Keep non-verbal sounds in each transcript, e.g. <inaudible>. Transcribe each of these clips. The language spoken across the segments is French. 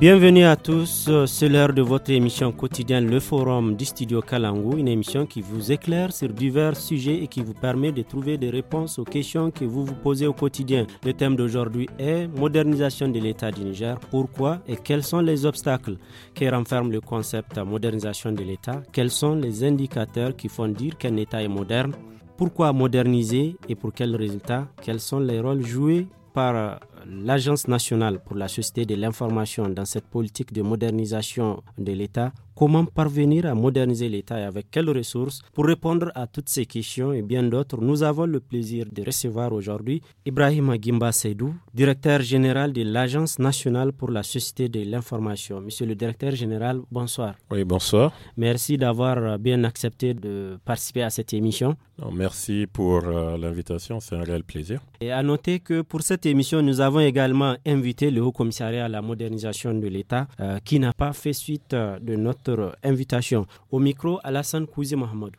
Bienvenue à tous, euh, c'est l'heure de votre émission quotidienne Le Forum du Studio Kalangu, une émission qui vous éclaire sur divers sujets et qui vous permet de trouver des réponses aux questions que vous vous posez au quotidien. Le thème d'aujourd'hui est Modernisation de l'État du Niger, pourquoi et quels sont les obstacles qui renferment le concept modernisation de l'État, quels sont les indicateurs qui font dire qu'un État est moderne, pourquoi moderniser et pour quels résultats, quels sont les rôles joués par euh, l'Agence nationale pour la société de l'information dans cette politique de modernisation de l'État Comment parvenir à moderniser l'État et avec quelles ressources Pour répondre à toutes ces questions et bien d'autres, nous avons le plaisir de recevoir aujourd'hui Ibrahim Gimba Seydou, directeur général de l'Agence nationale pour la société de l'information. Monsieur le directeur général, bonsoir. Oui, bonsoir. Merci d'avoir bien accepté de participer à cette émission. Merci pour euh, l'invitation, c'est un réel plaisir. Et à noter que pour cette émission, nous avons également invité le Haut-Commissariat à la modernisation de l'État euh, qui n'a pas fait suite euh, de notre invitation. Au micro, Alassane Kouzi Mohamed.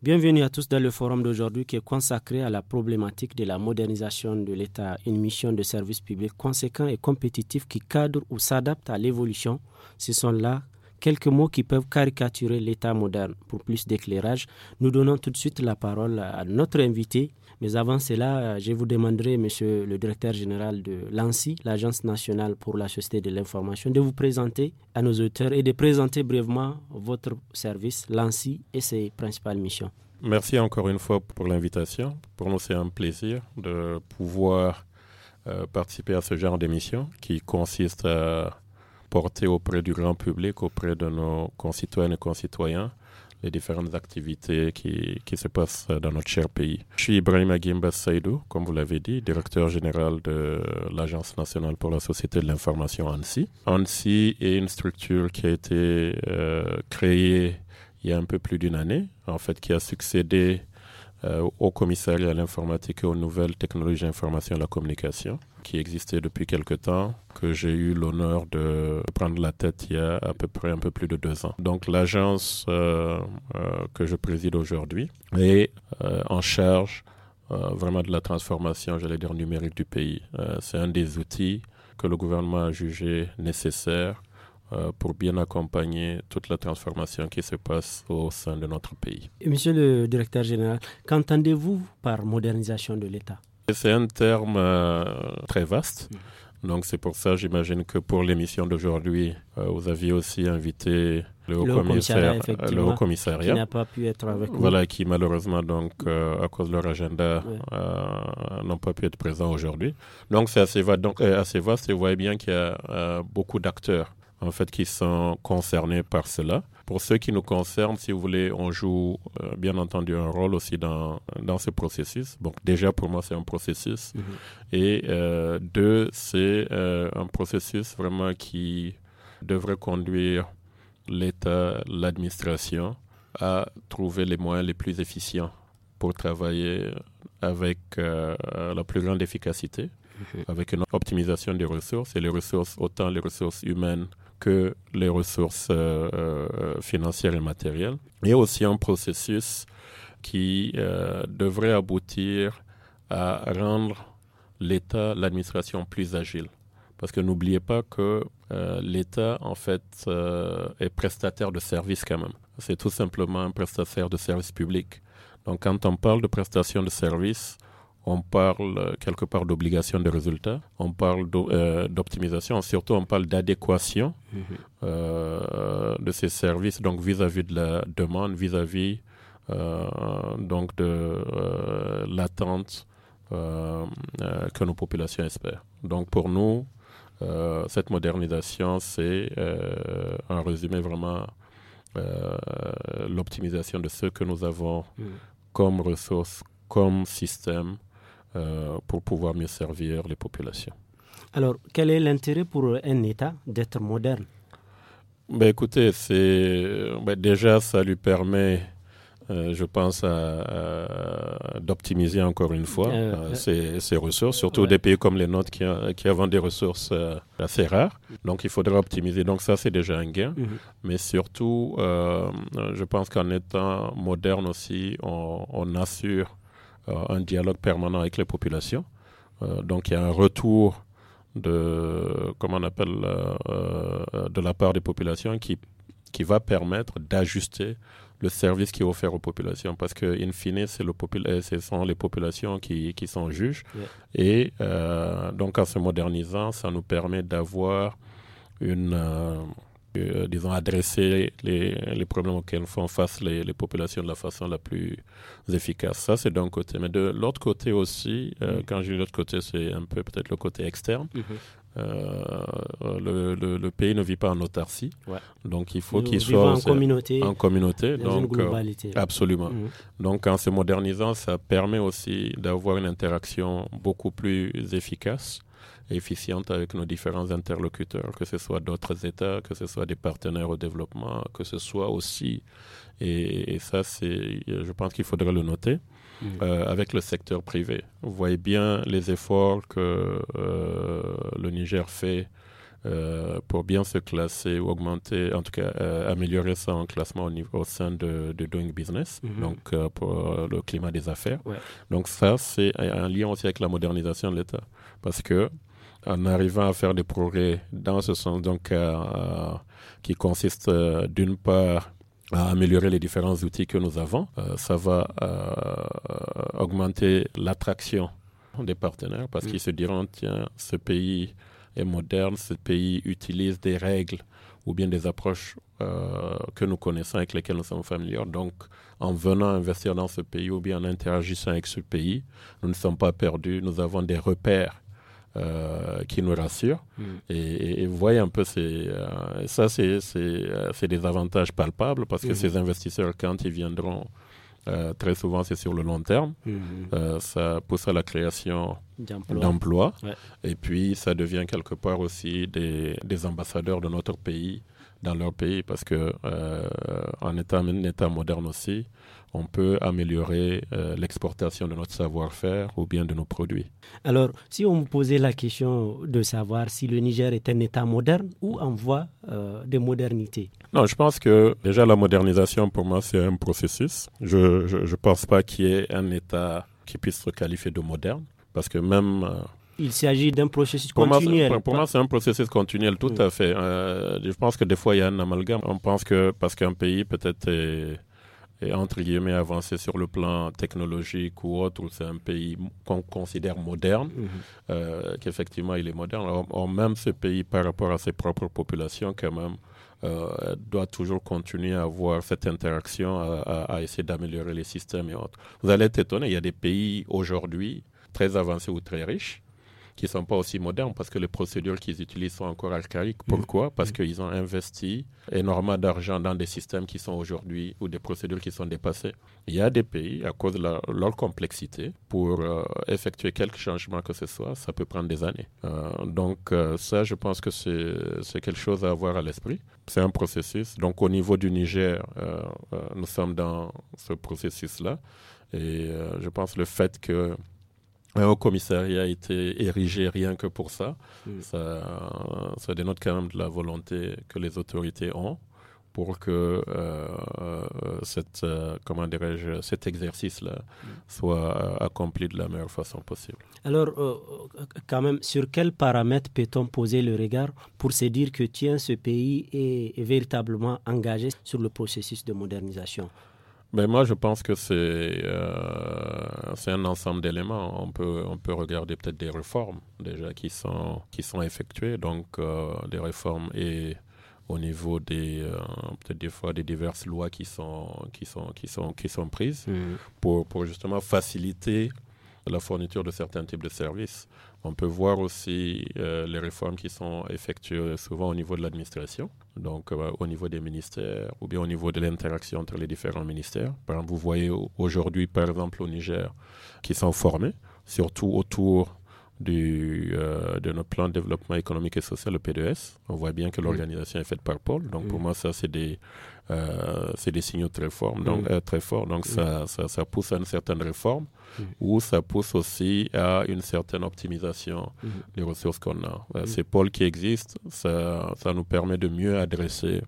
Bienvenue à tous dans le forum d'aujourd'hui qui est consacré à la problématique de la modernisation de l'État, une mission de service public conséquent et compétitif qui cadre ou s'adapte à l'évolution. Ce sont là Quelques mots qui peuvent caricaturer l'État moderne. Pour plus d'éclairage, nous donnons tout de suite la parole à notre invité. Mais avant cela, euh, je vous demanderai, monsieur le directeur général de l'ANSI, l'Agence nationale pour la société de l'information, de vous présenter à nos auteurs et de présenter brièvement votre service, l'ANSI, et ses principales missions. Merci encore une fois pour l'invitation. Pour nous, c'est un plaisir de pouvoir euh, participer à ce genre d'émission qui consiste à euh, porter auprès du grand public, auprès de nos concitoyennes et concitoyens, les différentes activités qui, qui, se passent dans notre cher pays. Je suis Ibrahim Aguimba Saïdou, comme vous l'avez dit, directeur général de l'Agence nationale pour la société de l'information ANSI. ANSI est une structure qui a été euh, créée il y a un peu plus d'une année, en fait, qui a succédé euh, au commissariat à l'informatique et aux nouvelles technologies d'information et de la communication, qui existait depuis quelque temps, que j'ai eu l'honneur de prendre la tête il y a à peu près un peu plus de deux ans. Donc l'agence euh, euh, que je préside aujourd'hui est en charge vraiment de la transformation, j'allais dire, numérique du pays. C'est un des outils que le gouvernement a jugé nécessaire euh, pour bien accompagner toute la transformation qui se passe au sein de notre pays. Monsieur le directeur général, qu'entendez-vous par modernisation de l'État C'est un terme euh, très vaste. Mm. Donc c'est pour ça, j'imagine que pour l'émission d'aujourd'hui, euh, vous aviez aussi invité le haut, le commissariat, le haut commissariat, qui n'a pas pu être avec nous. qui malheureusement, donc, à cause de leur agenda, n'ont pas pu être présents aujourd'hui. Donc c'est assez, assez vaste et vous voyez bien qu'il y a beaucoup d'acteurs en fait, qui sont concernés par cela. Pour ceux qui nous concernent, si vous voulez, on joue euh, bien entendu un rôle aussi dans, dans ce processus. Donc déjà, pour moi, c'est un processus. Mhm. Et euh, deux, c'est euh, un processus vraiment qui devrait conduire l'État, l'administration à trouver les moyens les plus efficients pour travailler avec la plus grande efficacité, mhm. avec une optimisation des ressources, et les ressources, autant les ressources humaines que les ressources euh, euh, financières et matérielles, et aussi un processus qui euh, devrait aboutir à rendre l'État, l'administration plus agile. Parce que n'oubliez pas que l'État, en fait, est prestataire de services quand même. C'est tout simplement un prestataire de services publics. Donc quand on parle de prestation de services, on parle euh, quelque part d'obligation de résultat, on parle euh, d'optimisation, surtout on parle d'adéquation mm-hmm. euh, de ces services donc vis-à-vis de la demande, vis-à-vis donc de l'attente que nos populations espèrent. Donc pour nous, cette modernisation, c'est en résumé vraiment l'optimisation de ce que nous avons mm. comme ressources, comme système euh, pour pouvoir mieux servir les populations. Alors, quel est l'intérêt pour un État d'être moderne ben Écoutez, c'est ben, déjà, ça lui permet euh, je pense, d'optimiser encore une fois euh, ses ressources, surtout des pays comme les nôtres qui, qui des ressources assez rares. Donc il faudra optimiser. Donc ça, c'est déjà un gain. Mhm. Mais surtout, je pense qu'en étant moderne aussi, on, on assure euh, un dialogue permanent avec les populations. Euh, donc il y a un retour de, comment on appelle, euh, de la part des populations qui, qui va permettre d'ajuster le service qui est offert aux populations. Parce que, in fine, le ce sont les populations qui, qui sont juges. Et donc, en se modernisant, ça nous permet d'avoir une, euh, disons, adresser les, problèmes auxquels font face les, populations de la façon la plus efficace. Ça, c'est d'un côté. Mais de l'autre côté aussi, euh, mm-hmm. quand je dis l'autre côté, c'est un peu peut-être le côté externe. Mm-hmm. Euh, le, pays ne vit pas en autarcie. Donc il faut qu'il soit en communauté. En communauté donc, globalité. absolument. Mm-hmm. Donc en se modernisant, ça permet aussi d'avoir une interaction beaucoup plus efficace efficiente avec nos différents interlocuteurs, que ce soit d'autres États, que ce soit des partenaires au développement, que ce soit aussi, et, ça c'est, je pense qu'il faudrait le noter, mm. euh, avec le secteur privé. Vous voyez bien les efforts que euh, le Niger fait euh, pour bien se classer ou augmenter, en tout cas améliorer son classement au, niveau, au sein de, Doing Business, mm-hmm. donc pour le climat des affaires. Donc ça, c'est un lien aussi avec la modernisation de l'État. Parce que en arrivant à faire des progrès dans ce sens, donc, euh, euh, qui consiste euh, d'une part à améliorer les différents outils que nous avons. ça va augmenter l'attraction des partenaires parce mm. qu'ils se diront, tiens, ce pays est moderne, ce pays utilise des règles ou bien des approches que nous connaissons, avec lesquelles nous sommes familiers. Donc, en venant investir dans ce pays ou bien en interagissant avec ce pays, nous ne sommes pas perdus, nous avons des repères euh, qui nous rassure. Mm. Et, vous voyez un peu, euh, ça, euh, c'est des avantages palpables parce que mm. ces investisseurs, quand ils viendront, très souvent, c'est sur le long terme. Mm. ça pousse à la création d'emplois. Et puis, ça devient quelque part aussi des, des, ambassadeurs de notre pays dans leur pays parce que en étant un État moderne aussi, on peut améliorer euh, l'exportation de notre savoir-faire ou bien de nos produits. Alors, si on me posait la question de savoir si le Niger est un État moderne ou en voie euh, de modernité Non, je pense que déjà la modernisation, pour moi, c'est un processus. Je ne pense pas qu'il y ait un État qui puisse se qualifier de moderne, parce que même... Euh, il s'agit d'un processus pour continuel. pour, moi, c'est un processus continuel, tout mm. à fait. je pense que des fois, il y a un amalgame. On pense que parce qu'un pays peut-être et entre guillemets avancé sur le plan technologique ou autre, c'est un pays qu'on considère moderne, mhm. euh, qu'effectivement il est moderne. Or, même ce pays, par rapport à ses propres populations, quand même, euh, doit toujours continuer à avoir cette interaction, à essayer d'améliorer les systèmes et autres. Vous allez être étonné, il y a des pays aujourd'hui très avancés ou très riches qui ne sont pas aussi modernes parce que les procédures qu'ils utilisent sont encore archaïques. Mm. Pourquoi Parce mm. qu'ils ont investi énormément d'argent dans des systèmes qui sont aujourd'hui ou des procédures qui sont dépassées. Il y a des pays, à cause de leur complexité, pour euh, effectuer quelques changements que ce soit, ça peut prendre des années. Euh, donc euh, ça, je pense que c'est quelque chose à avoir à l'esprit. C'est un processus. Donc au niveau du Niger, nous sommes dans ce processus-là. Et je pense le fait que un haut commissariat a été érigé rien que pour ça. Mm. ça. ça. dénote quand même de la volonté que les autorités ont pour que euh, cette, euh, comment dirais cet exercice-là mm. soit euh, accompli de la meilleure façon possible. Alors, quand même, sur quels paramètres peut-on poser le regard pour se dire que tiens, ce pays est véritablement engagé sur le processus de modernisation mais ben, moi, je pense que euh, c'est un ensemble d'éléments. On peut, on peut regarder peut-être des réformes déjà qui sont, qui sont effectuées, donc euh, des réformes et au niveau des euh, peut-être des fois des diverses lois qui sont qui sont qui sont qui sont prises mmh. pour justement faciliter la fourniture de certains types de services. On peut voir aussi euh, les réformes qui sont effectuées souvent au niveau de l'administration, donc euh, au niveau des ministères ou bien au niveau de l'interaction entre les différents ministères. Par exemple, vous voyez aujourd'hui, par exemple, au Niger, qui sont formés, surtout autour euh, de notre plan de développement économique et social, le PDS. On voit bien que l'organisation est faite par Paul. Donc pour moi, ça, c'est des, euh, c'est des signaux très forts, mm. donc, euh, très fort donc mm. ça, ça, pousse à une certaine réforme mm. ou ça pousse aussi à une certaine optimisation des ressources qu'on a. Euh, ces pôles qui existent, ça, ça, nous permet de mieux adresser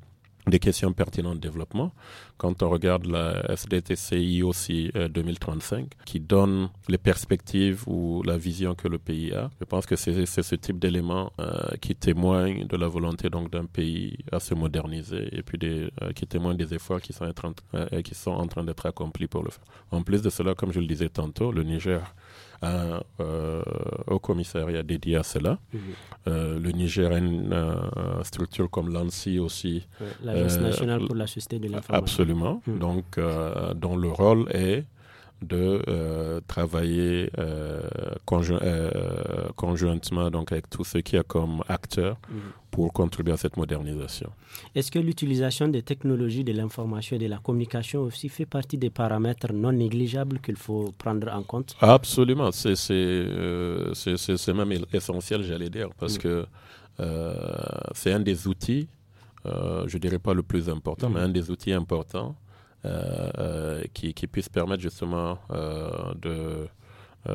des questions pertinentes de développement. Quand on regarde la SDTCI aussi 2035, euh, qui donne les perspectives ou la vision que le pays a, je pense que c'est ce type d'éléments euh, qui témoigne de la volonté donc d'un pays à se moderniser et puis des, euh, qui témoignent des efforts qui sont, qui sont en train d'être accomplis pour le faire. En plus de cela, comme je le disais tantôt, le Niger un euh, au commissariat dédié à cela. Mhm. Euh, le Niger a une structure comme l'ANSI aussi. L'Agence euh, nationale pour la société de l'information. Absolument, mhm. donc euh, dont le rôle est de euh, travailler euh, euh, conjointement donc avec tous ceux qui a comme acteurs mhm. pour contribuer à cette modernisation. Est-ce que l'utilisation des technologies de l'information et de la communication aussi fait partie des paramètres non négligeables qu'il faut prendre en compte Absolument, c'est même essentiel, j'allais dire, parce mhm. que c'est un des outils, je dirais pas le plus important, mhm. mais un des outils importants euh, euh, qui, qui, puisse permettre justement euh, de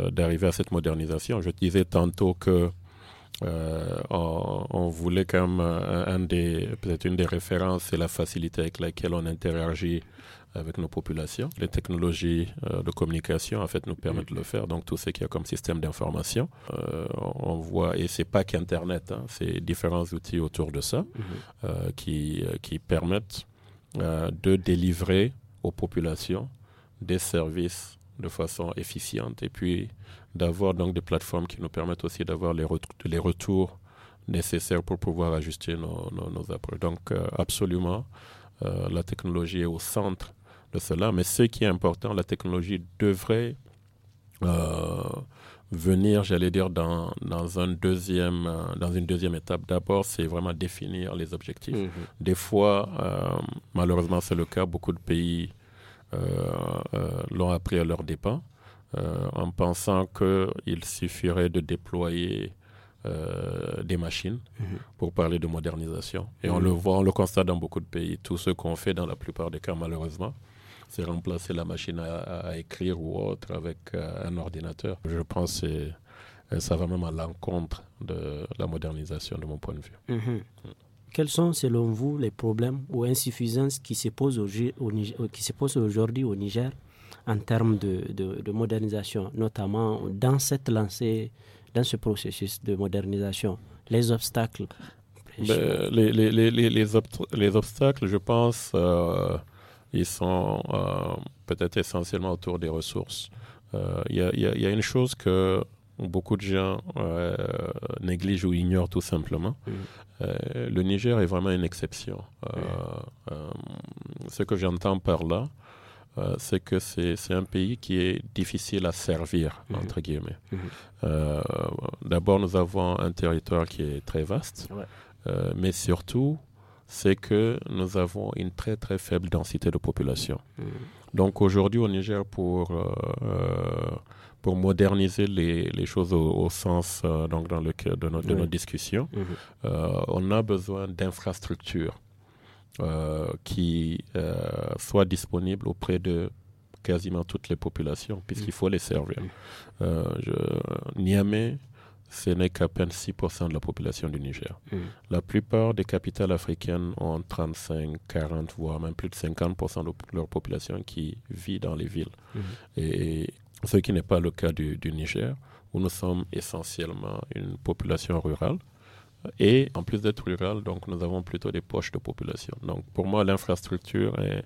d'arriver à cette modernisation. Je disais tantôt que on, voulait comme un, des, peut-être une des références, c'est la facilité avec laquelle on interagit avec nos populations. Les technologies de communication, en fait, nous permettent de le faire. Donc, tout ce qu'il y a comme système d'information, on voit, et c'est pas qu'Internet, hein, c'est différents outils autour de ça mhm. qui, qui permettent euh, de délivrer aux populations des services de façon efficiente et puis d'avoir donc des plateformes qui nous permettent aussi d'avoir les, les retours nécessaires pour pouvoir ajuster nos, nos, approches. Donc euh, absolument, euh, la technologie est au centre de cela, mais ce qui est important, la technologie devrait venir, j'allais dire, dans, dans, un deuxième, euh, dans une deuxième étape. D'abord, c'est vraiment définir les objectifs. Mhm. Des fois, euh, malheureusement, c'est le cas, beaucoup de pays euh, l'ont appris à leur dépens, en pensant qu'il suffirait de déployer des machines mhm. pour parler de modernisation. Et on mhm. le voit, on le constate dans beaucoup de pays. Tout ce qu'on fait dans la plupart des cas, malheureusement, c'est remplacer la machine à, écrire ou autre avec euh, un ordinateur. Je pense que ça va même à l'encontre de la modernisation de mon point de vue. Mhm. Mm. Quels sont, selon vous, les problèmes ou insuffisances qui se posent, aujourd'hui au Niger en termes de, modernisation, notamment dans cette lancée, dans ce processus de modernisation, les obstacles ben, les, les, obstacles, je pense, euh, ils sont euh, peut-être essentiellement autour des ressources. Euh, il y, a une chose que beaucoup de gens euh, négligent ou ignorent tout simplement. le Niger est vraiment une exception. ce que j'entends par là, c'est que c'est un pays qui est difficile à servir, entre guillemets. D'abord, nous avons un territoire qui est très vaste, mais surtout, c'est que nous avons une très très faible densité de population. Mm. Donc aujourd'hui au Niger, pour, euh, euh, pour moderniser les, choses au, sens euh, donc dans le, de, de nos discussions, mm-hmm. on a besoin d'infrastructures qui soient disponibles auprès de quasiment toutes les populations, puisqu'il mm. faut les servir. Mm. Niamey ce n'est qu'à peine 6% de la population du Niger. Mm. La plupart des capitales africaines ont 35, 40, voire même plus de 50% de leur population qui vit dans les villes. Mm-hmm. Et ce qui n'est pas le cas du, du, Niger, où nous sommes essentiellement une population rurale. Et en plus d'être rural, donc nous avons plutôt des poches de population. Donc pour moi, l'infrastructure est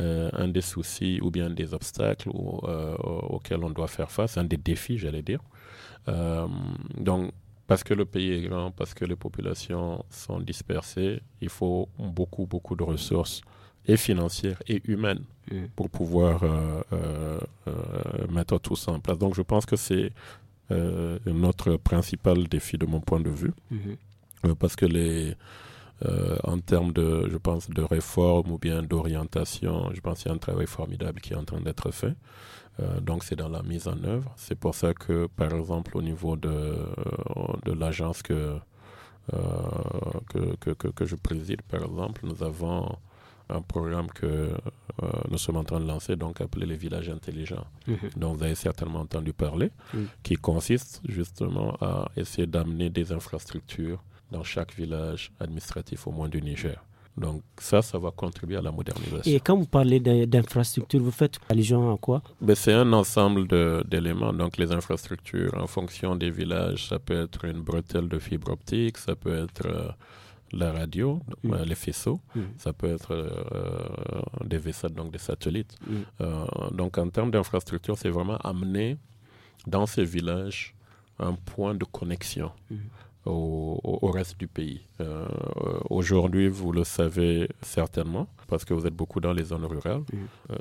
euh, un des soucis ou bien des obstacles euh, auxquels on doit faire face, un des défis, j'allais dire. Euh, donc, parce que le pays est grand, parce que les populations sont dispersées, il faut beaucoup, beaucoup de ressources et financières et humaines pour pouvoir mettre tout ça en place. Donc, je pense que c'est notre principal défi de mon point de vue, mhm. parce que les euh, en termes de, je pense, de réforme ou bien d'orientation. Je pense qu'il y a un travail formidable qui est en train d'être fait. Euh, donc c'est dans la mise en œuvre. C'est pour ça que, par exemple, au niveau de, euh, de l'agence que, que, que, que, je préside, par exemple, nous avons un programme que nous sommes en train de lancer, donc appelé les villages intelligents, mhm. dont vous avez certainement entendu parler, qui consiste justement à essayer d'amener des infrastructures dans chaque village administratif au moins du Niger. Donc ça, ça va contribuer à la modernisation. Et quand vous parlez d'infrastructures, vous faites allusion à quoi ben, C'est un ensemble d'éléments. Donc les infrastructures, en fonction des villages, ça peut être une bretelle de fibre optique, ça peut être euh, la radio, mm. euh, les faisceaux, mm. ça peut être euh, des vaisseaux, donc des satellites. Mm. donc en termes d'infrastructures, c'est vraiment amener dans ces villages un point de connexion au, reste du pays. Euh, euh, aujourd'hui, vous le savez certainement, parce que vous êtes beaucoup dans les zones rurales.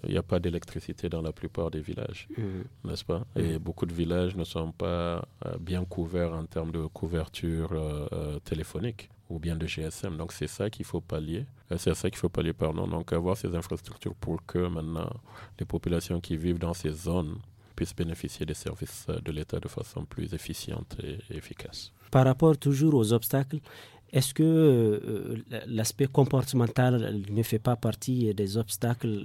Il n'y euh, a pas d'électricité dans la plupart des villages, n'est-ce pas Et beaucoup de villages ne sont pas bien couverts en termes de couverture téléphonique ou bien de GSM. Donc c'est ça qu'il faut pallier. C'est ça qu'il faut pallier, pardon. Donc avoir ces infrastructures pour que maintenant les populations qui vivent dans ces zones puissent bénéficier des services euh, de l'État de façon plus efficiente et efficace. Par rapport toujours aux obstacles, est-ce que euh, euh, l'aspect comportemental ne fait pas partie des obstacles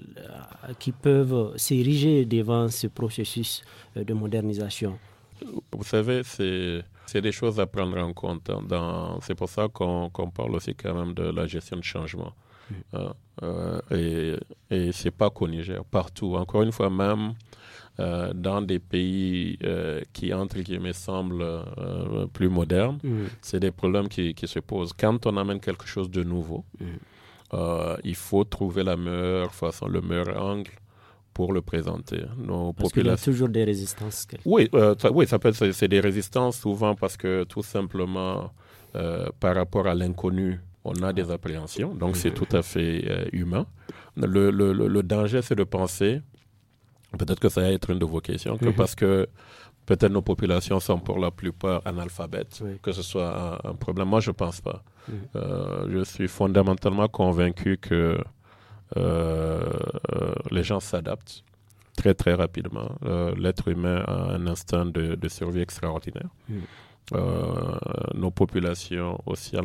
qui peuvent s'ériger devant ce processus de modernisation Vous savez, c'est des choses à prendre en compte. Hein. c'est pour ça qu'on parle aussi quand même de la gestion de changement. Mm. Hein. et, et c'est pas qu'au Niger, partout. Encore une fois, même euh, dans des pays euh, qui, entre guillemets, semblent euh, plus modernes, mm. c'est des problèmes qui, se posent. Quand on amène quelque chose de nouveau, mm. euh, il faut trouver la meilleure façon, le meilleur angle pour le présenter. Nos parce qu'il y a toujours des résistances. Oui, oui, ça c'est des résistances souvent parce que tout simplement par rapport à l'inconnu, on a des appréhensions, donc c'est mm. tout à fait humain. le danger, c'est de penser Peut-être que ça va être une de vos questions, mhm. parce que peut-être nos populations sont pour la plupart analphabètes, que ce soit un, problème. Moi, je ne pense pas. Mhm. Euh, je suis fondamentalement convaincu que euh, les gens s'adaptent très très rapidement. Euh, l'être humain a un instinct de, survie extraordinaire. Mhm. nos populations, aussi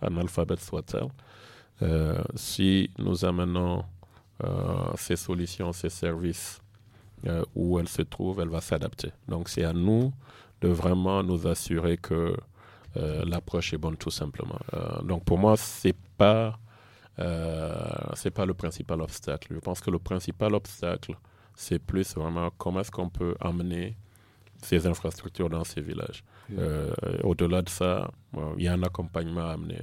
analphabètes soient-elles, si nous amenons ces solutions, ces services euh, où elle se trouve, elle va s'adapter. Donc c'est à nous de vraiment nous assurer que euh, l'approche est bonne tout simplement. Euh, donc pour moi, ce pas pas le principal obstacle. Je pense que le principal obstacle, c'est plus vraiment comment est-ce qu'on peut amener ces infrastructures dans ces villages. Au-delà de ça, il y a un accompagnement à amener,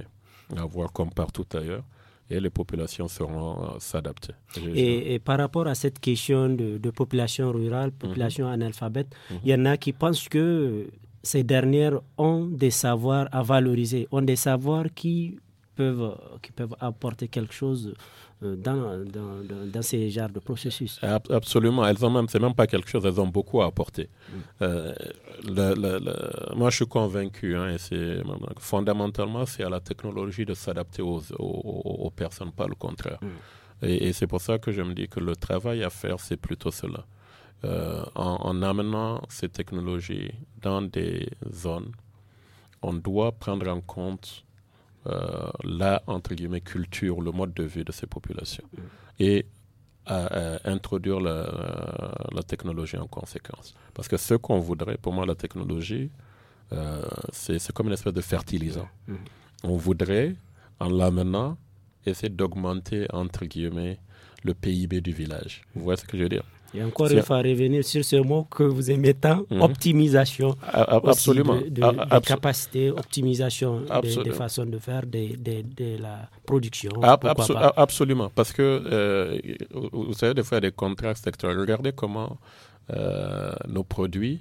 à voir comme partout ailleurs et les populations seront euh, s'adapter. Et, par rapport à cette question de, population rurale, population mhm. analphabète, mhm. il y en a qui pensent que ces dernières ont des savoirs à valoriser, ont des savoirs qui peuvent, qui peuvent apporter quelque chose euh, dans, dans, ces genres de processus. Absolument. Elles ont même, c'est même pas quelque chose, elles ont beaucoup à apporter. Mm. Euh, moi, je suis convaincu, hein, et c'est, fondamentalement, c'est à la technologie de s'adapter aux, aux, personnes, pas le contraire. Mm. Et, c'est pour ça que je me dis que le travail à faire, c'est plutôt cela. Euh, en amenant ces technologies dans des zones, on doit prendre en compte euh, la entre guillemets culture, le mode de vie de ces populations mm. et euh, euh, introduire la, technologie en conséquence. Parce que ce qu'on voudrait, pour moi, la technologie, c'est comme une espèce de fertilisant. Mm. On voudrait, en l'amenant, essayer d'augmenter, entre guillemets, le PIB du village. Vous voyez ce que je veux dire et encore une fois, revenir sur ce mot que vous aimez tant, mhm. optimisation. absolument. de, optimisation des, façons de faire de, de la production. Absolument. Parce que, euh, vous savez, des fois, des contrats sectoriels. Regardez comment euh, nos produits,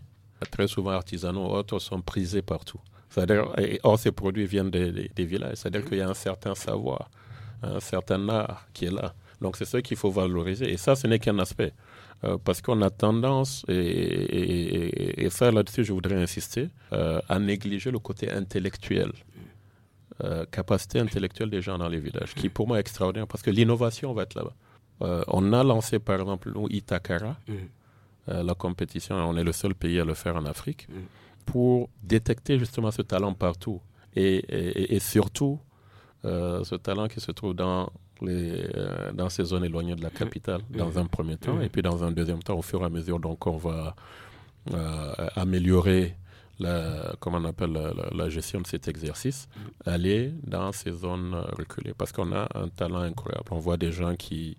très souvent artisanaux ou autres, sont prisés partout. C'est-à-dire, or, ces produits viennent des, des villages. C'est-à-dire qu'il y a un certain savoir, un certain art qui est là. Donc, c'est ce qu'il faut valoriser. Et ça, ce n'est qu'un aspect. Euh, parce qu'on a tendance, et, ça là-dessus je voudrais insister, euh, à négliger le côté intellectuel. Euh, capacité intellectuelle des gens dans les villages, qui pour moi est extraordinaire parce que l'innovation va être là-bas. on a lancé par exemple, nous, Itakara, mm. la compétition, on est le seul pays à le faire en Afrique, mm. pour détecter justement ce talent partout et, surtout ce talent qui se trouve dans les, euh, dans ces zones éloignées de la capitale, dans un premier temps, et puis dans un deuxième temps, au fur et à mesure, donc on va euh, améliorer la, comment on appelle la, gestion de cet exercice, aller dans ces zones euh, reculées, parce qu'on a un talent incroyable. On voit des gens qui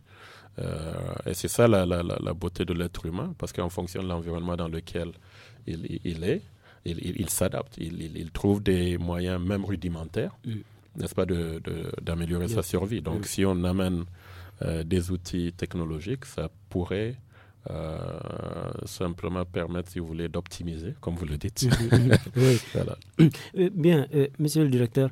et c'est ça la, la, beauté de l'être humain, parce qu'en fonction de l'environnement dans lequel il, il est, il, il, il s'adapte, il, trouve des moyens même rudimentaires n'est-ce pas, d'améliorer sa survie. Donc, si on amène euh, des outils technologiques, ça pourrait euh, simplement permettre, si vous voulez, d'optimiser, comme vous le dites. <laughs> Euh, bien, monsieur le directeur,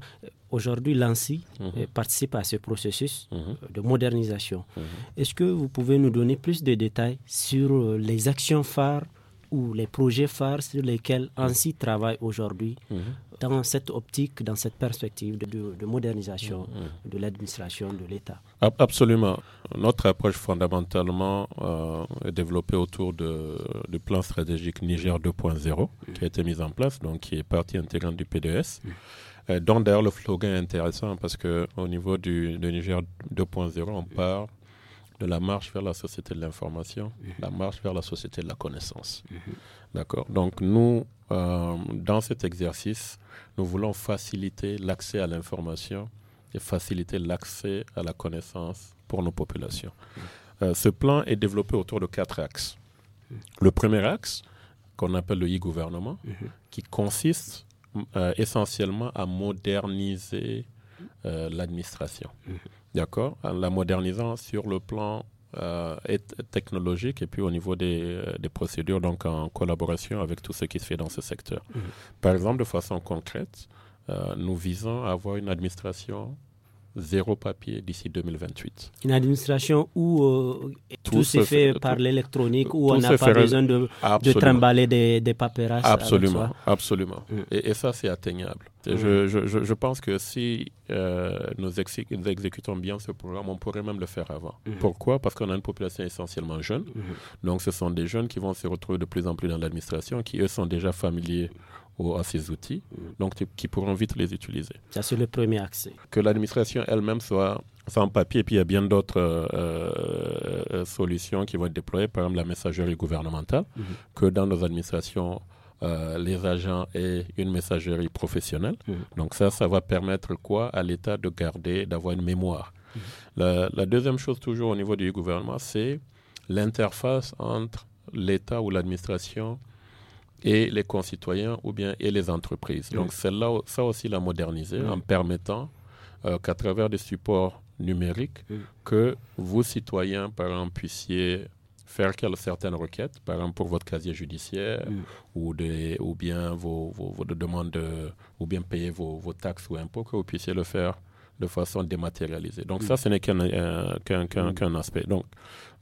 aujourd'hui, l'ANSI mhm. participe à ce processus mhm. de modernisation. Mhm. Est-ce que vous pouvez nous donner plus de détails sur les actions phares ou les projets phares sur lesquels ANSI travaille aujourd'hui mhm. dans cette optique, dans cette perspective de, modernisation mhm. de l'administration de l'État. Absolument. Notre approche fondamentalement euh, est développée autour du plan stratégique Niger 2.0 qui a été mis en place, donc qui est partie intégrante du PDS. Mm. d'ailleurs le slogan est intéressant parce qu'au niveau du, de Niger 2.0, on mm. part de la marche vers la société de l'information, mhm. la marche vers la société de la connaissance. Mhm. D'accord Donc nous, euh, dans cet exercice, nous voulons faciliter l'accès à l'information et faciliter l'accès à la connaissance pour nos populations. Mhm. Euh, ce plan est développé autour de quatre axes. Le premier axe, qu'on appelle le e-gouvernement, qui consiste euh, essentiellement à moderniser l'administration d'accord, euh, la modernisant sur le plan euh, technologique et puis au niveau euh, des, procédures, donc en collaboration avec tout ce qui se fait dans ce secteur. Mhm. Par exemple, de façon concrète, nous visons à avoir une administration zéro papier d'ici 2028. Une administration où euh, tout, s'est se fait, par l'électronique, où on n'a pas besoin de, de trimballer des, des Absolument, absolument. Mm. Et, ça, c'est atteignable. Mm. Je, je, je, pense que si euh, nous, exécutons bien ce programme, on pourrait même le faire avant. Mm-hmm. Pourquoi Parce qu'on a une population essentiellement jeune. Mm-hmm. Donc, ce sont des jeunes qui vont se retrouver de plus en plus dans l'administration, qui, eux, sont déjà familiers ou à ces outils, donc qui pourront vite les utiliser. Ça, c'est le premier accès. Que l'administration elle-même soit sans papier, et puis il y a bien d'autres euh, euh, solutions qui vont être déployées, par exemple la messagerie gouvernementale, mhm. que dans nos administrations euh, les agents aient une messagerie professionnelle. Mhm. Donc ça, ça va permettre quoi à l'État de garder, d'avoir une mémoire. Mhm. La, la, deuxième chose toujours au niveau du gouvernement, c'est l'interface entre l'État ou l'administration et les concitoyens ou bien et les entreprises. Donc celle-là, ça aussi l'a moderniser en permettant euh, qu'à travers des supports numériques, que vous, citoyens, par exemple, puissiez faire certaines requêtes, par exemple pour votre casier judiciaire, ou, des, ou bien vos, vos, demandes, euh, ou bien payer vos, vos, taxes ou impôts, que vous puissiez le faire de façon dématérialisée. Donc ça, ce n'est qu'un euh, aspect. Donc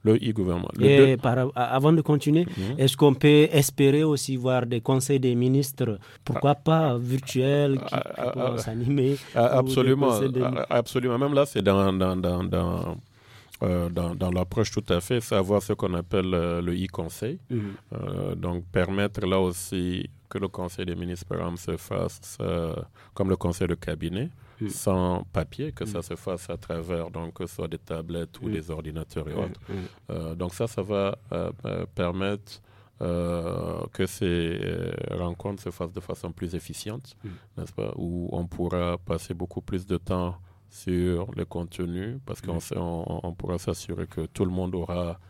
le e-gouvernement. Et avant de continuer, mhm. est-ce qu'on peut espérer aussi voir des conseils des ministres, pourquoi ah. pas virtuels, qui, ah, ah, ah. s'animer Absolument, absolument. Même là, c'est dans, dans, dans, euh, dans... dans, l'approche tout à fait, savoir ce qu'on appelle euh, le e-conseil. Mhm. Euh, donc permettre là aussi que le conseil des ministres, se fasse comme le conseil de cabinet. Mm. sans papier, que ça mm. se fasse à travers donc que ce soit des tablettes ou mm. des ordinateurs et autres. Euh, donc ça, ça va euh, euh, permettre que ces rencontres se fassent de façon plus efficiente, n'est-ce pas, où on pourra passer beaucoup plus de temps sur le contenu parce qu'on on pourra s'assurer que tout le monde aura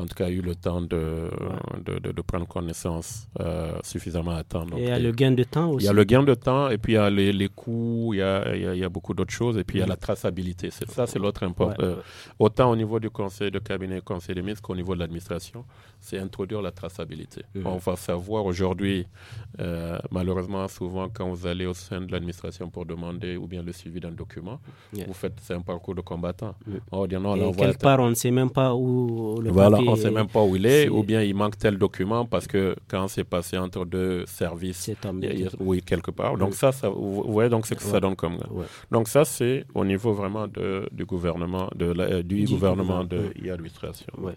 en tout cas eu le temps de, de, prendre connaissance euh, suffisamment à temps. et il y a le gain de temps aussi. Il y a le gain de temps, et puis il y a les, coûts, il y a, beaucoup d'autres choses, et puis il y a la mm. traçabilité. C'est Ça, c'est l'autre important. Euh, autant au niveau du conseil de cabinet, conseil des ministres qu'au niveau de l'administration c'est introduire la traçabilité. On va savoir aujourd'hui, euh, malheureusement, souvent quand vous allez au sein de l'administration pour demander ou bien le suivi d'un document, vous faites un parcours de combattant. Mmh. On dit non, on quelque part, on ne sait même pas où le Voilà, on ne sait même pas où il est, ou bien il manque tel document parce que quand c'est passé entre deux services, oui, quelque part. Donc ça, ça, vous voyez donc ce que ça donne comme. Donc ça, c'est au niveau vraiment du gouvernement, de du, gouvernement, de euh, l'administration. Oui.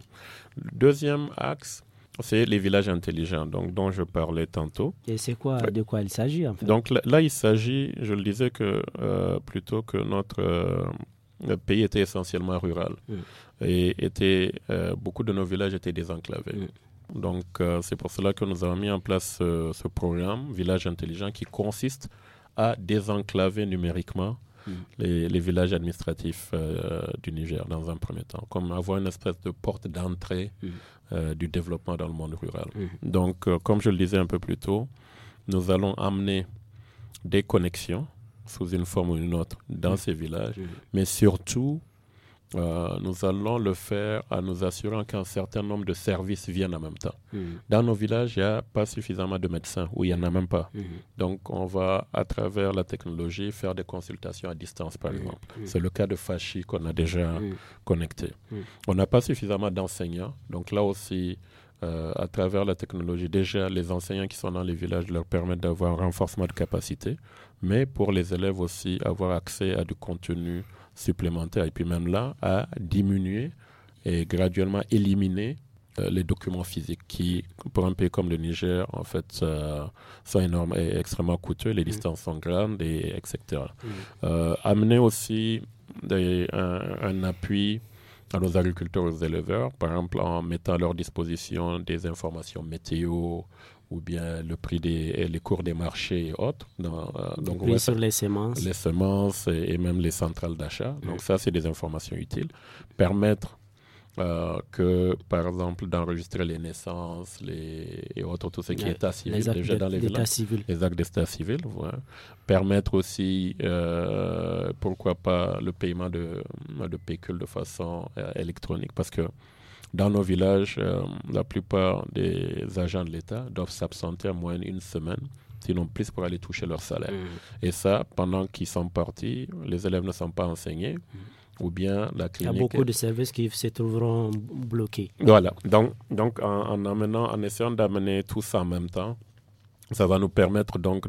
Le deuxième axe, c'est les villages intelligents, donc dont je parlais tantôt. Et c'est quoi, de quoi il s'agit en fait Donc là, il s'agit, je le disais que euh, plutôt que notre euh, pays était essentiellement rural mm. et était euh, beaucoup de nos villages étaient désenclavés. Mm. Donc c'est pour cela que nous avons mis en place ce programme Village intelligent qui consiste à désenclaver numériquement Mm. les, villages administratifs euh, du Niger dans un premier temps, comme avoir une espèce de porte d'entrée mm. euh, du développement dans le monde rural. Mm. Donc, euh, comme je le disais un peu plus tôt, nous allons amener des connexions sous une forme ou une autre dans ces villages, mais surtout euh, nous allons le faire en nous assurant qu'un certain nombre de services viennent en même temps. Mhm. Dans nos villages, il n'y a pas suffisamment de médecins, ou il n'y en a même pas. Mhm. Donc, on va, à travers la technologie, faire des consultations à distance, par mhm. exemple. C'est le cas de Fachi qu'on a déjà connecté. On n'a pas suffisamment d'enseignants. Donc, là aussi, euh, à travers la technologie. Déjà, les enseignants qui sont dans les villages leur permettent d'avoir un renforcement de capacité, mais pour les élèves aussi, avoir accès à du contenu supplémentaire et puis même là à diminuer et graduellement éliminer euh, les documents physiques qui, pour un pays comme le Niger, en fait, euh, sont énormes et extrêmement coûteux, les distances mm. sont grandes, et, etc. Mm. Euh, amener aussi un, un, appui à nos agriculteurs et aux éleveurs, par exemple en mettant à leur disposition des informations météo ou bien le prix des les cours des marchés et autres. Dans, euh, donc sur les semences. Les semences et, même les centrales d'achat. Donc ça, c'est des informations utiles. Permettre euh, que, par exemple, d'enregistrer les naissances les, et autres, tout ce qui est état civil, déjà dans les Civil. Les actes d'état civil, Permettre aussi, euh, pourquoi pas, le paiement de, de pécule de façon électronique, parce que dans nos villages, euh, la plupart des agents de l'État doivent s'absenter à moins une semaine, sinon plus pour aller toucher leur salaire. Mm. Et ça, pendant qu'ils sont partis, les élèves ne sont pas enseignés. ou bien la clinique. Il y a beaucoup de services qui se trouveront bloqués. Voilà. Donc, donc en, en essayant d'amener tout ça en même temps, ça va nous permettre donc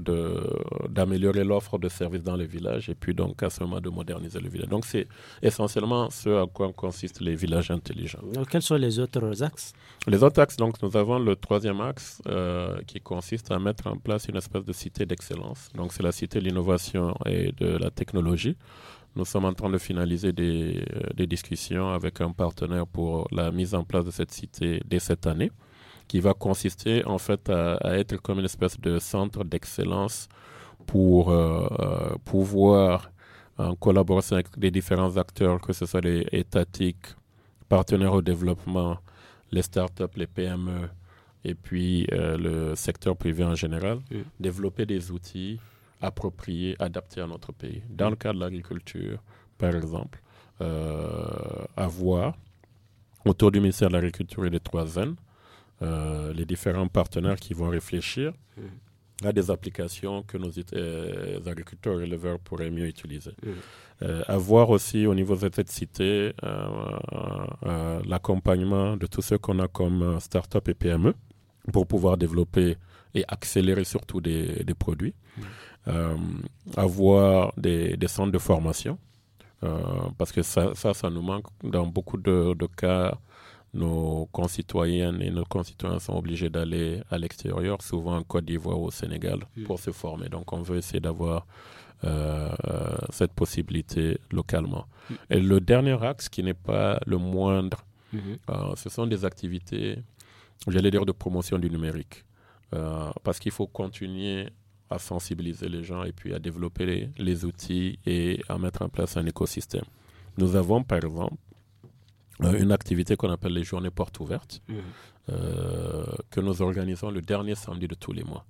d'améliorer l'offre de services dans les villages et puis donc à ce moment de moderniser le village. Donc c'est essentiellement ce à quoi consistent les villages intelligents. Euh, quels sont les autres axes Les autres axes, donc nous avons le troisième axe euh, qui consiste à mettre en place une espèce de cité d'excellence. Donc c'est la cité de l'innovation et de la technologie. Nous sommes en train de finaliser des, euh, discussions avec un partenaire pour la mise en place de cette cité dès cette année qui va consister en fait à, être comme une espèce de centre d'excellence pour euh, euh, pouvoir, en euh, collaboration avec les différents acteurs, que ce soit les étatiques, partenaires au développement, les startups, les PME, et puis le secteur privé en général, développer des outils appropriés, adaptés à notre pays. Dans le cas de l'agriculture, par exemple, avoir autour du ministère de l'Agriculture et des trois N euh, les différents partenaires qui vont réfléchir mm-hmm. à des applications que nos euh, agriculteurs et éleveurs pourraient mieux utiliser. avoir mm-hmm. euh, aussi au niveau de cette cité l'accompagnement de tous ceux qu'on a comme start-up et PME pour pouvoir développer et accélérer surtout des, produits. avoir mm-hmm. des, centres de formation, parce que ça, ça, nous manque dans beaucoup de cas nos concitoyens et nos concitoyens sont obligés d'aller à l'extérieur, souvent en Côte d'Ivoire ou au Sénégal, pour se former. Donc on veut essayer d'avoir euh, euh, cette possibilité localement. Et le dernier axe, qui n'est pas le moindre, mhm. euh, ce sont des activités, j'allais dire, de promotion du numérique. parce qu'il faut continuer à sensibiliser les gens et puis à développer les outils et à mettre en place un écosystème. Nous avons, par exemple, euh, une activité qu'on appelle les journées portes ouvertes, mhm. euh, que nous organisons le dernier samedi de tous les mois.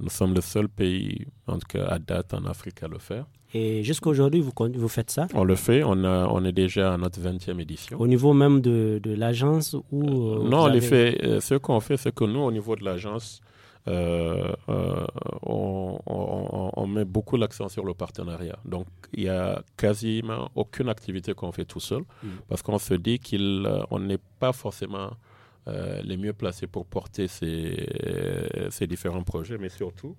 Nous sommes le seul pays, en tout cas à date en Afrique, à le faire. Et jusqu'aujourd'hui, vous, vous faites ça On le fait, on, a, on est déjà à notre 20e édition. Au niveau même de, de l'agence ou euh, Non, les fait, ce qu'on fait, c'est que nous, au niveau de l'agence, euh, euh, on, met beaucoup l'accent sur le partenariat. Donc, il n'y a quasiment aucune activité qu'on fait tout seul mm. parce qu'on se dit qu'on euh, n'est pas forcément les mieux placés pour porter ces différents projets, mais surtout,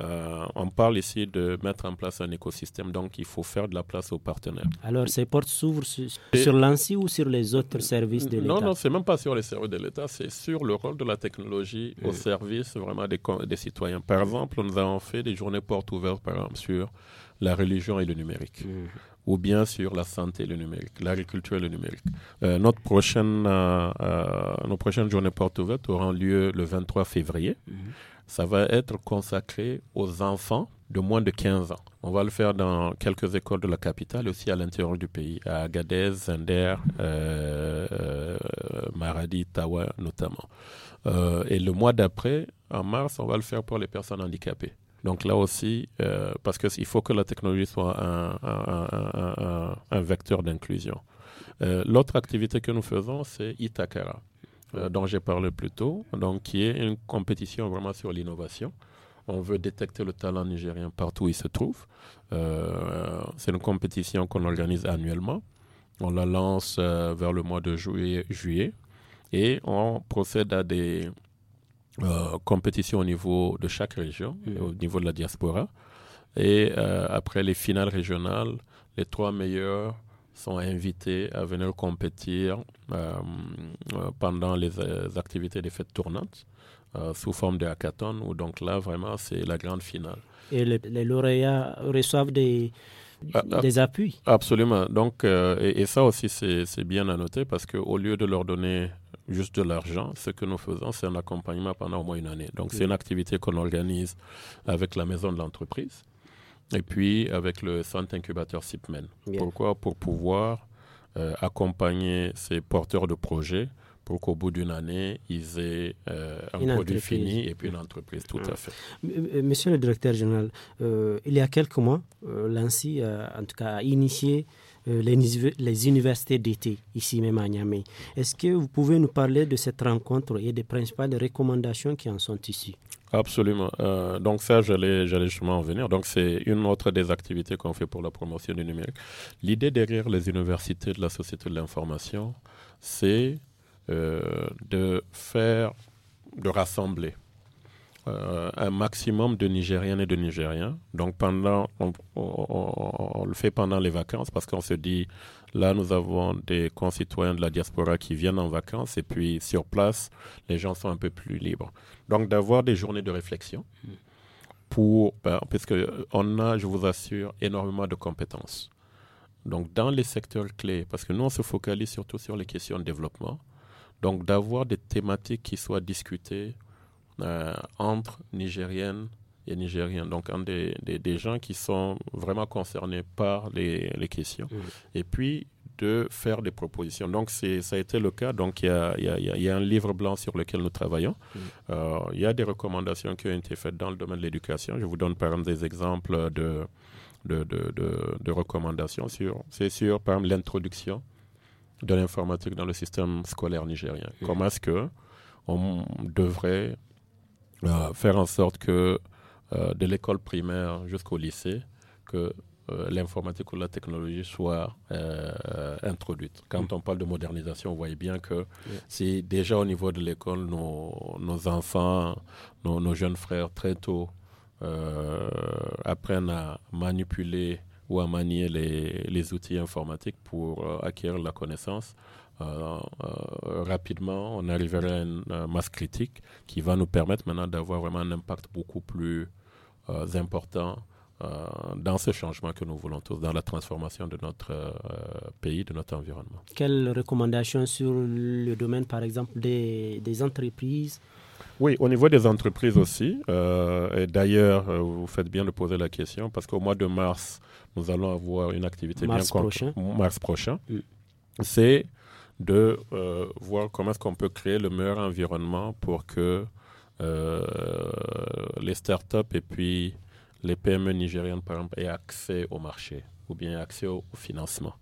euh, on parle ici de mettre en place un écosystème, donc il faut faire de la place aux partenaires. Alors, ces portes s'ouvrent sur, l'ANSI ou sur les autres services de l'État Non, non, c'est même pas sur les services de l'État, c'est sur le rôle de la technologie au service vraiment des, citoyens. Par exemple, nous avons fait des journées portes ouvertes, par exemple, sur la religion et le numérique. Mmh. ou bien sur la santé et le numérique, l'agriculture et le numérique. Euh, notre prochaine, euh, euh, nos prochaines journées portes ouvertes auront lieu le 23 février. Mmh ça va être consacré aux enfants de moins de 15 ans. On va le faire dans quelques écoles de la capitale, aussi à l'intérieur du pays, à Agadez, Zender, euh, euh, Maradi, Tawa notamment. Euh, et le mois d'après, en mars, on va le faire pour les personnes handicapées. Donc là aussi, parce qu'il faut que la technologie soit un, un vecteur d'inclusion. L'autre activité que nous faisons, c'est Itakara. Euh, dont j'ai parlé plus tôt, donc qui est une compétition vraiment sur l'innovation. On veut détecter le talent nigérien partout où il se trouve. Euh, c'est une compétition qu'on organise annuellement. On la lance euh, vers le mois de juillet, et on procède à des compétitions au niveau de chaque région, mm. au niveau de la diaspora. Et après les finales régionales, les trois meilleurs sont invités à venir compétir euh, euh, pendant les, euh, activités des fêtes tournantes sous forme de hackathon, où donc là, vraiment, c'est la grande finale. Et les, lauréats reçoivent des, ah, ah. des appuis. Absolument. Donc, et, ça aussi, c'est bien à noter parce qu'au lieu de leur donner juste de l'argent, ce que nous faisons, c'est un accompagnement pendant au moins une année. Donc, c'est une activité qu'on organise avec la maison de l'entreprise. Et puis avec le centre incubateur SIPMEN. Pourquoi Pour pouvoir euh, accompagner ces porteurs de projets pour qu'au bout d'une année, ils aient euh, un produit fini et puis une entreprise, tout à ah. fait. Euh, monsieur le directeur général, il y a quelques mois, l'ANSI, en tout cas, a initié euh, les, universités d'été ici même à Niamey. Est-ce que vous pouvez nous parler de cette rencontre et des principales recommandations qui en sont issues Absolument. Euh, donc ça, j'allais, justement en venir. Donc c'est une autre des activités qu'on fait pour la promotion du numérique. L'idée derrière les universités de la société de l'information, c'est euh, de faire, de rassembler euh, un maximum de Nigériens et de Nigériens. Donc pendant, on, le fait pendant les vacances parce qu'on se dit, là nous avons des concitoyens de la diaspora qui viennent en vacances et puis sur place, les gens sont un peu plus libres. Donc d'avoir des journées de réflexion pour, ben, parce on a, je vous assure, énormément de compétences. Donc dans les secteurs clés, parce que nous on se focalise surtout sur les questions de développement, donc d'avoir des thématiques qui soient discutées euh, entre Nigériennes et Nigériens, donc des, gens qui sont vraiment concernés par les, questions. Et puis, de faire des propositions. Donc, ça a été le cas. Donc, il y a, y a, un livre blanc sur lequel nous travaillons. Euh, il y a des recommandations qui ont été faites dans le domaine de l'éducation. Je vous donne par exemple des exemples de, de, de, recommandations. Sur, c'est sur, par exemple, l'introduction de l'informatique dans le système scolaire nigérien. Comment est-ce que on devrait euh, faire en sorte que euh, de l'école primaire jusqu'au lycée, que euh, l'informatique ou la technologie soit introduite. Quand mm. on parle de modernisation, on voit bien que si déjà au niveau de l'école, nos, enfants, nos, nos, jeunes frères très tôt apprennent à manipuler ou à manier les, outils informatiques pour euh, acquérir la connaissance, euh, euh, rapidement, on arriverait à une masse critique qui va nous permettre maintenant d'avoir vraiment un impact beaucoup plus important dans ce changement que nous voulons tous, dans la transformation de notre pays, de notre environnement. Quelles recommandations sur le domaine, par exemple, des, des entreprises oui, au niveau des entreprises aussi. Euh, et D'ailleurs, euh, vous faites bien de poser la question parce qu'au mois de mars, nous allons avoir une activité mars bien prochain. Mars prochain. C'est de euh, voir comment est-ce qu'on peut créer le meilleur environnement pour que les startups et puis les PME nigériennes, par exemple, aient accès au marché ou bien accès au financement.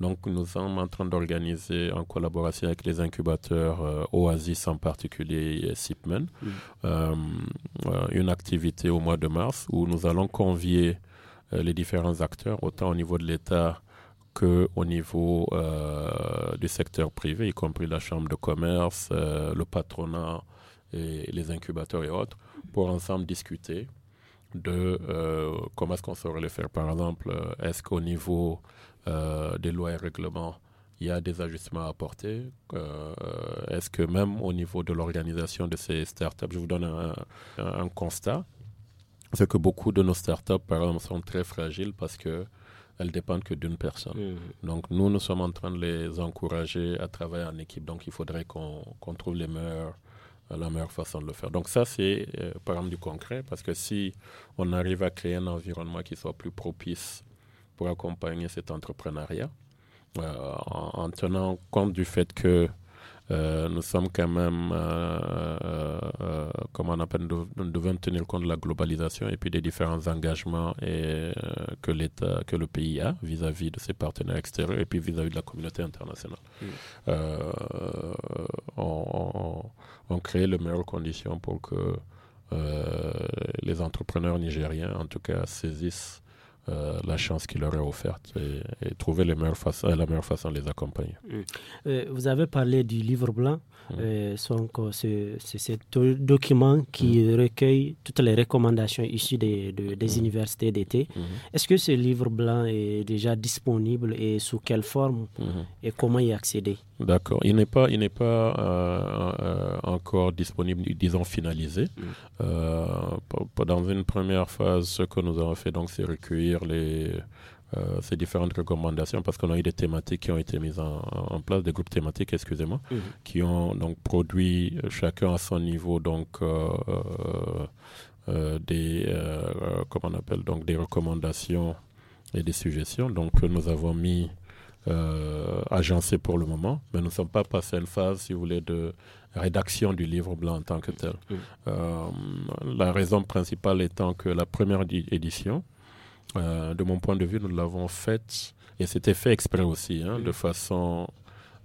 Donc nous sommes en train d'organiser en collaboration avec les incubateurs euh, Oasis en particulier et SIPMEN euh, euh, une activité au mois de mars où nous allons convier les différents acteurs, autant au niveau de l'État qu'au niveau du secteur privé, y compris la Chambre de commerce, le patronat et les incubateurs et autres, pour ensemble discuter de comment est-ce qu'on saurait le faire. Par exemple, est-ce qu'au niveau euh, des lois et règlements, il y a des ajustements à apporter. Euh, est-ce que même au niveau de l'organisation de ces startups, je vous donne un, constat, c'est que beaucoup de nos startups, par exemple, sont très fragiles parce que elles dépendent que d'une personne. Mmh. Donc nous, nous sommes en train de les encourager à travailler en équipe. Donc il faudrait qu'on trouve les la meilleure façon de le faire. Donc ça, c'est euh, par exemple du concret, parce que si on arrive à créer un environnement qui soit plus propice pour accompagner cet entrepreneuriat euh, en, tenant compte du fait que euh, nous sommes quand même, euh, comme on appelle, nous, devons tenir compte de la globalisation et puis des différents engagements et, que l'État, que le pays a vis-à-vis de ses partenaires extérieurs et puis vis-à-vis de la communauté internationale. Mm. On, on, crée les meilleures conditions pour que les entrepreneurs nigériens, en tout cas, saisissent euh, la chance qui leur est offerte et, trouver les meilleures façons, la meilleure façon de les accompagner. Mm. Euh, vous avez parlé du livre blanc, mm. euh, c'est ce document qui mm. recueille toutes les recommandations issues des universités d'été. Est-ce que ce livre blanc est déjà disponible et sous quelle forme et comment y accéder D'accord. Il n'est pas, il n'est pas euh, euh, encore disponible, disons finalisé. Mm. Euh, dans une première phase, ce que nous avons fait, donc, c'est recueillir les ces différentes recommandations parce qu'on a eu des thématiques qui ont été mises en, place, des groupes thématiques, excusez-moi, mm-hmm. qui ont donc produit chacun à son niveau donc des comment on appelle donc des recommandations et des suggestions. Donc nous avons mis euh, pour le moment, mais nous ne sommes pas passés à une phase, si vous voulez, de rédaction du livre blanc en tant que tel. Euh, la raison principale étant que la première édition, euh, de mon point de vue, nous l'avons faite, et c'était fait exprès aussi, hein, de façon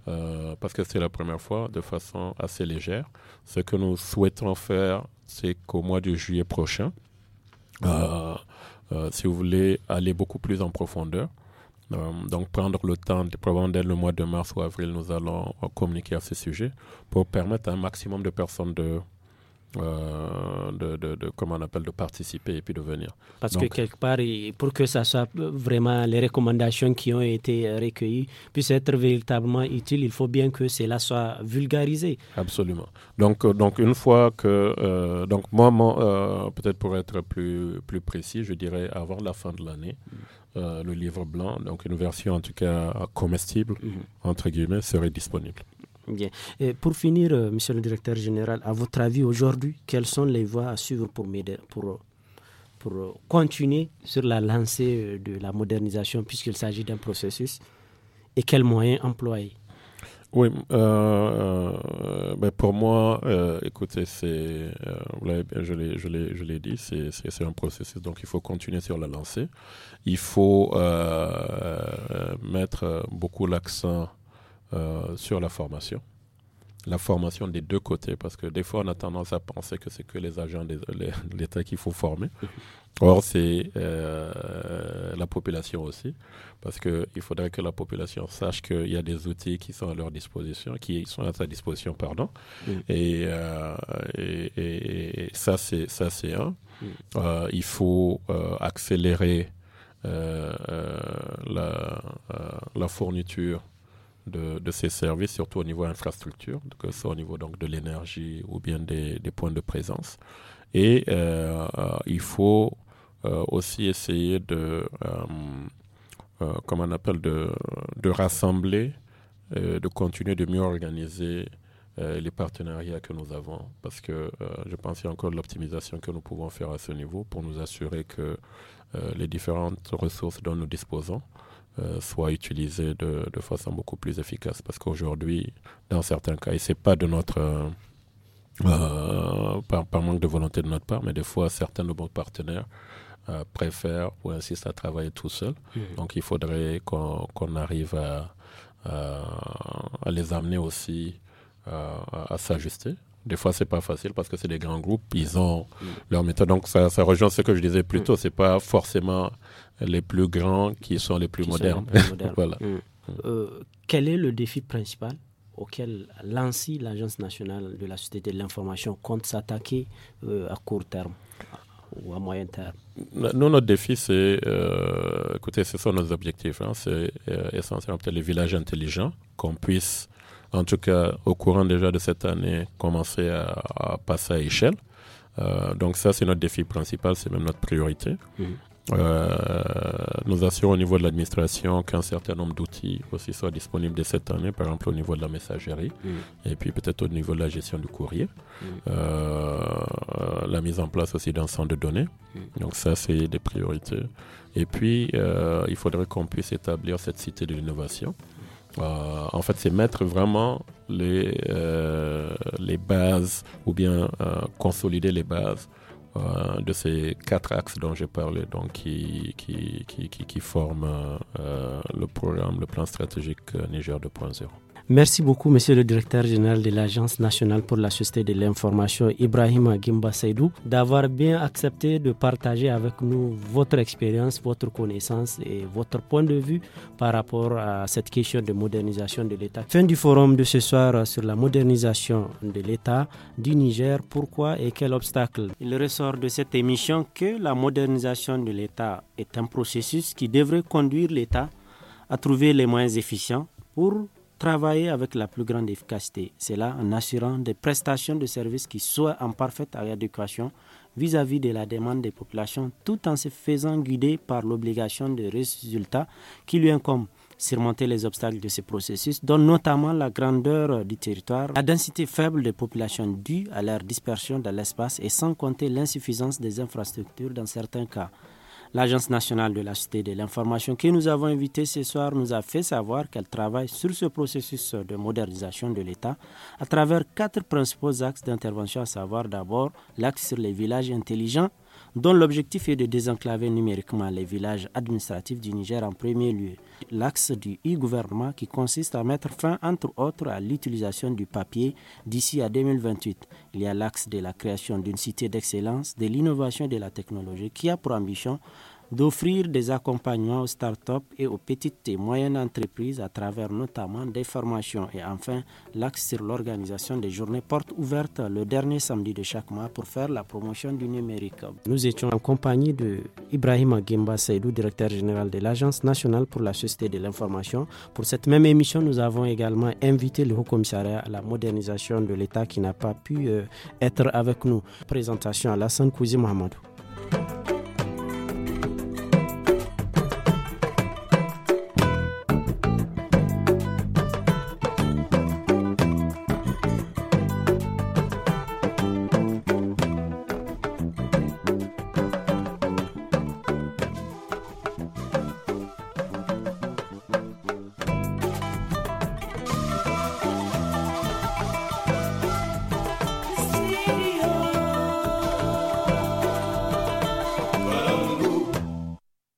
euh, parce que c'est la première fois, de façon assez légère. Ce que nous souhaitons faire, c'est qu'au mois de juillet prochain, si vous voulez aller beaucoup plus en profondeur, euh, donc prendre le temps, probablement dès le mois de mars ou avril, nous allons euh, communiquer à ce sujet pour permettre à un maximum de personnes de, euh, de, comment on appelle de participer et puis de venir. Parce que quelque part, pour que ça soit vraiment les recommandations qui ont été recueillies puissent être véritablement utiles, il faut bien que cela soit vulgarisé. Absolument. Donc, donc une fois que donc moi, peut-être pour être plus plus précis, je dirais avant la fin de l'année. Euh, le livre blanc, donc une version en tout cas euh, comestible, mhm. entre guillemets, serait disponible. Bien. Et pour finir, euh, monsieur le directeur général, à votre avis aujourd'hui, quelles sont les voies à suivre pour, pour, pour continuer sur la lancée de la modernisation, puisqu'il s'agit d'un processus, et quels moyens employer oui, euh, euh, ben, pour moi, euh, écoutez, c'est, je l'ai, je l'ai, je l'ai dit, c'est, c'est, un processus, donc il faut continuer sur la lancée. Il faut mettre beaucoup l'accent sur la formation la formation des deux côtés, parce que des fois on a tendance à penser que c'est que les agents de <laughs> l'État qu'il faut former. <laughs> Or, c'est euh, la population aussi, parce qu'il faudrait que la population sache qu'il y a des outils qui sont à leur disposition, qui sont à sa disposition, pardon. Euh, et, et, ça, c'est ça, c'est un. Euh, il faut accélérer la, fourniture de, ces services, surtout au niveau infrastructure, que ce soit au niveau donc, de l'énergie ou bien des, points de présence. Et euh, euh, il faut euh, aussi essayer de, on appelle, de, de rassembler, de continuer de mieux organiser les partenariats que nous avons, parce que je pense qu'il y a encore de l'optimisation que nous pouvons faire à ce niveau pour nous assurer que les différentes ressources dont nous disposons euh, soit utilisé de, de, façon beaucoup plus efficace. Parce qu'aujourd'hui, dans certains cas, et c'est pas de notre... Euh, euh, par, manque de volonté de notre part, mais des fois, certains de nos partenaires préfèrent ou insistent à travailler tout seul. Mmh. Donc, il faudrait qu'on arrive à, les amener aussi à s'ajuster, des fois, c'est pas facile parce que c'est des grands groupes, ils ont mm. leur méthode. Donc, ça, ça, rejoint ce que je disais plus mm. tôt. C'est pas forcément les plus grands qui sont les plus modernes. quel est le défi principal auquel l'ANSI, l'Agence nationale de la société de l'information, compte s'attaquer euh, à court terme ou à moyen terme Nous, notre défi, c'est, euh, écoutez, ce sont nos objectifs. Hein. c'est euh, essentiellement les villages intelligents, qu'on puisse en tout cas, au courant déjà de cette année, commencer à, passer à échelle. Euh, donc ça, c'est notre défi principal, c'est même notre priorité. Mhm. Euh, nous assurons au niveau de l'administration qu'un certain nombre d'outils aussi soient disponibles dès cette année, par exemple au niveau de la messagerie mhm. et puis peut-être au niveau de la gestion du courrier. Mhm. Euh, la mise en place aussi d'un centre de données. Donc ça, c'est des priorités. Et puis, il faudrait qu'on puisse établir cette cité de l'innovation. Euh, en fait, c'est mettre vraiment les, euh, bases ou bien euh, consolider les bases de ces quatre axes dont j'ai parlé, donc qui, qui, qui forment le programme, le plan stratégique Niger 2.0. Merci beaucoup, Monsieur le Directeur Général de l'Agence nationale pour la société de l'information, Ibrahim Gimba Seydou, d'avoir bien accepté de partager avec nous votre expérience, votre connaissance et votre point de vue par rapport à cette question de modernisation de l'État. Fin du forum de ce soir sur la modernisation de l'État du Niger, pourquoi et quel obstacle Il ressort de cette émission que la modernisation de l'État est un processus qui devrait conduire l'État à trouver les moyens efficients pour travailler avec la plus grande efficacité. Cela en assurant des prestations de services qui soient en parfaite adéquation vis-à-vis de la demande des populations, tout en se faisant guider par l'obligation de résultats qui lui incombe. Surmonter les obstacles de ce processus, dont notamment la grandeur du territoire, la densité faible des populations due à leur dispersion dans l'espace et sans compter l'insuffisance des infrastructures dans certains cas. L'Agence nationale de la Cité de l'information que nous avons invitée ce soir nous a fait savoir qu'elle travaille sur ce processus de modernisation de l'État à travers quatre principaux axes d'intervention, à savoir d'abord l'axe sur les villages intelligents, dont l'objectif est de désenclaver numériquement les villages administratifs du Niger en premier lieu. L'axe du e-gouvernement qui consiste à mettre fin, entre autres, à l'utilisation du papier d'ici à 2028. Il y a l'axe de la création d'une cité d'excellence, de l'innovation et de la technologie qui a pour ambition d'offrir des accompagnements aux start-up et aux petites et moyennes entreprises à travers notamment des formations et enfin l'axe sur l'organisation des journées portes ouvertes le dernier samedi de chaque mois pour faire la promotion du numérique. Nous étions en compagnie de Ibrahim Agimba Seydou, directeur général de l'Agence nationale pour la société de l'information. Pour cette même émission, nous avons également invité le Haut-Commissariat à la modernisation de l'État qui n'a pas pu euh, être avec nous. Présentation à Alassane Kouzi Mohamedou.